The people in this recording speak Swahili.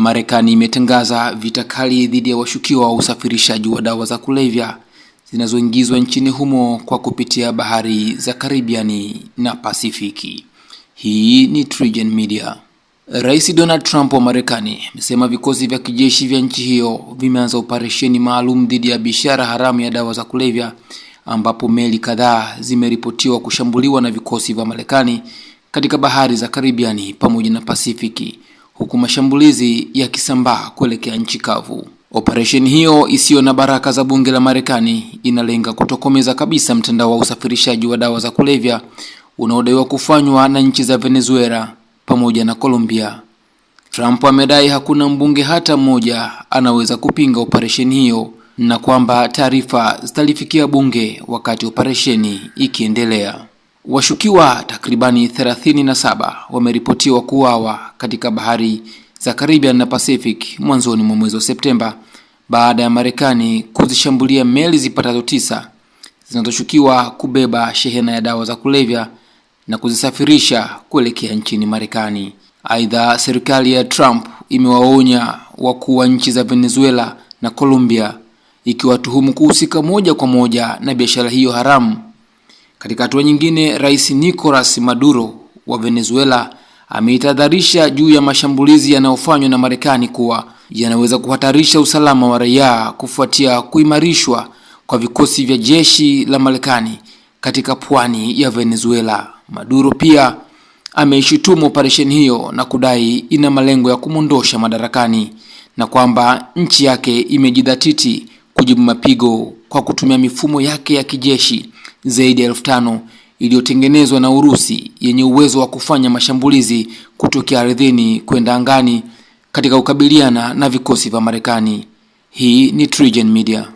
Marekani imetangaza vita kali dhidi ya washukiwa wa usafirishaji wa dawa za kulevya zinazoingizwa nchini humo kwa kupitia bahari za Karibiani na Pasifiki. Hii ni TriGen Media. Rais Donald Trump wa Marekani amesema vikosi vya kijeshi vya nchi hiyo vimeanza operesheni maalum dhidi ya biashara haramu ya dawa za kulevya ambapo meli kadhaa zimeripotiwa kushambuliwa na vikosi vya Marekani katika bahari za Karibiani pamoja na Pasifiki huku mashambulizi yakisambaa kuelekea nchi kavu. Operesheni hiyo isiyo na baraka za bunge la Marekani inalenga kutokomeza kabisa mtandao wa usafirishaji wa dawa za kulevya unaodaiwa kufanywa na nchi za Venezuela pamoja na Colombia. Trump amedai hakuna mbunge hata mmoja anaweza kupinga operesheni hiyo na kwamba taarifa zitalifikia bunge wakati operesheni ikiendelea. Washukiwa takribani 37 wameripotiwa kuuawa katika bahari za Caribbean na Pacific mwanzoni mwa mwezi wa Septemba baada ya Marekani kuzishambulia meli zipatazo tisa zinazoshukiwa kubeba shehena ya dawa za kulevya na kuzisafirisha kuelekea nchini Marekani. Aidha, serikali ya Trump imewaonya wakuu wa nchi za Venezuela na Colombia ikiwatuhumu kuhusika moja kwa moja na biashara hiyo haramu katika hatua nyingine, Rais Nicolas Maduro wa Venezuela ameitadharisha juu ya mashambulizi yanayofanywa na Marekani kuwa yanaweza kuhatarisha usalama wa raia kufuatia kuimarishwa kwa vikosi vya jeshi la Marekani katika pwani ya Venezuela. Maduro pia ameishutumu operesheni hiyo na kudai ina malengo ya kumwondosha madarakani na kwamba nchi yake imejidhatiti kujibu mapigo kwa kutumia mifumo yake ya kijeshi zaidi ya elfu tano iliyotengenezwa na Urusi yenye uwezo wa kufanya mashambulizi kutokea ardhini kwenda angani katika kukabiliana na vikosi vya Marekani. Hii ni TriGen Media.